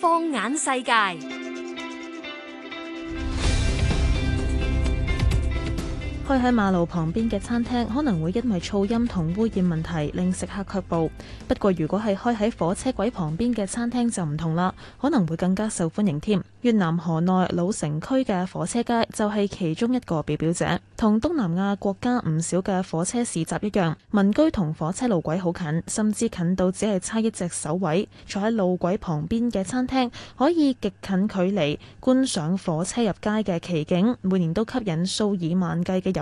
放眼世界。開喺馬路旁邊嘅餐廳可能會因為噪音同污染問題令食客卻步。不過如果係開喺火車軌旁邊嘅餐廳就唔同啦，可能會更加受歡迎添。越南河內老城區嘅火車街就係其中一個表表者，同東南亞國家唔少嘅火車市集一樣，民居同火車路軌好近，甚至近到只係差一隻手位。坐喺路軌旁邊嘅餐廳可以極近距離觀賞火車入街嘅奇景，每年都吸引數以萬計嘅人。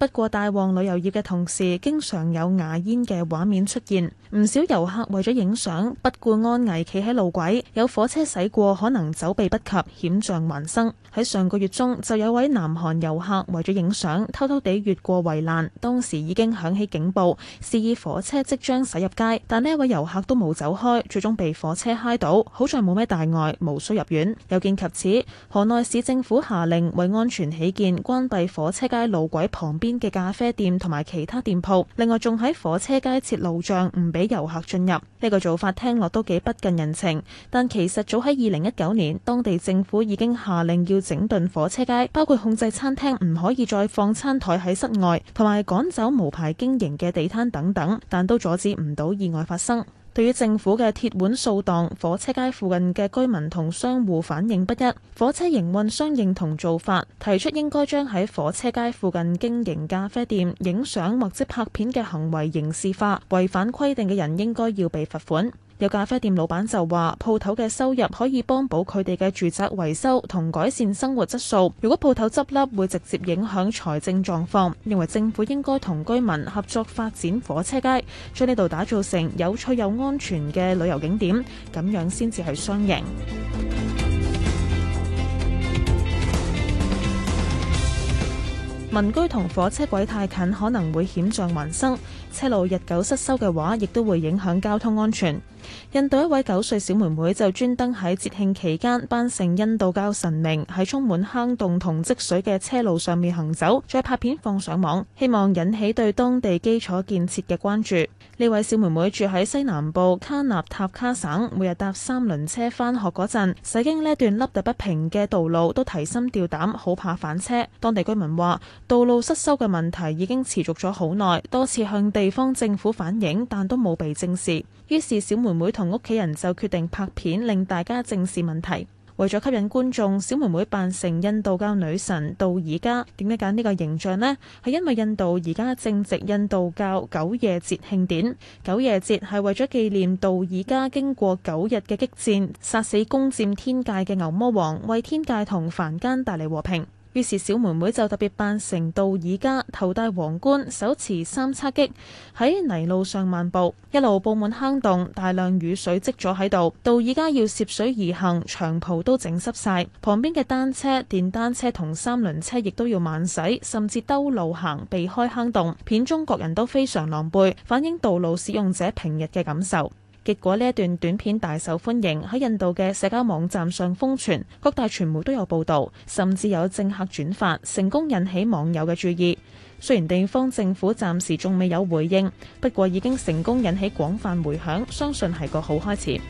不過大旺旅遊業嘅同時，經常有牙煙嘅畫面出現，唔少遊客為咗影相，不顧安危企喺路軌，有火車駛過可能走避不及，險象環生。喺上個月中，就有位南韓遊客為咗影相，偷偷地越過圍欄，當時已經響起警報，示意火車即將駛入街，但呢一位遊客都冇走開，最終被火車嗨到，好在冇咩大礙，無需入院。有見及此，河內市政府下令為安全起見，關閉火車街路軌旁邊嘅咖啡店同埋其他店鋪，另外仲喺火車街設路障，唔俾遊客進入。呢個做法聽落都幾不近人情，但其實早喺二零一九年，當地政府已經下令要整頓火車街，包括控制餐廳唔可以再放餐台喺室外，同埋趕走無牌經營嘅地攤等等，但都阻止唔到意外發生。對於政府嘅鐵腕掃蕩，火車街附近嘅居民同商戶反應不一。火車營運商認同做法，提出應該將喺火車街附近經營咖啡店、影相或者拍片嘅行為刑事化，違反規定嘅人應該要被罰款。有咖啡店老闆就話：鋪頭嘅收入可以幫補佢哋嘅住宅維修同改善生活質素。如果鋪頭執笠，會直接影響財政狀況。認為政府應該同居民合作發展火車街，將呢度打造成有趣又安全嘅旅遊景點，咁樣先至係雙贏。民居同火車軌太近，可能會險象環生。車路日久失修嘅話，亦都會影響交通安全。印度一位九歲小妹妹就專登喺節慶期間，扮成印度教神明喺充滿坑洞同積水嘅車路上面行走，再拍片放上網，希望引起對當地基礎建設嘅關注。呢位小妹妹住喺西南部卡納塔卡省，每日搭三輪車返學嗰陣，駛經呢段凹凸不平嘅道路都提心吊膽，好怕翻車。當地居民話。道路失修嘅問題已經持續咗好耐，多次向地方政府反映，但都冇被正視，於是小妹妹同屋企人就決定拍片，令大家正視問題。為咗吸引觀眾，小妹妹扮成印度教女神道爾加。點解揀呢個形象呢？係因為印度而家正值印度教九夜節慶典。九夜節係為咗紀念道爾加經過九日嘅激戰，殺死攻占天界嘅牛魔王，為天界同凡間帶嚟和平。於是小妹妹就特別扮成道爾家，頭戴皇冠，手持三叉戟，喺泥路上漫步。一路布滿坑洞，大量雨水積咗喺度，道爾家要涉水而行，長袍都整濕晒，旁邊嘅單車、電單車同三輪車亦都要慢駛，甚至兜路行，避開坑洞。片中各人都非常狼狽，反映道路使用者平日嘅感受。結果呢一段短片大受歡迎，喺印度嘅社交網站上瘋傳，各大傳媒都有報導，甚至有政客轉發，成功引起網友嘅注意。雖然地方政府暫時仲未有回應，不過已經成功引起廣泛回響，相信係個好開始。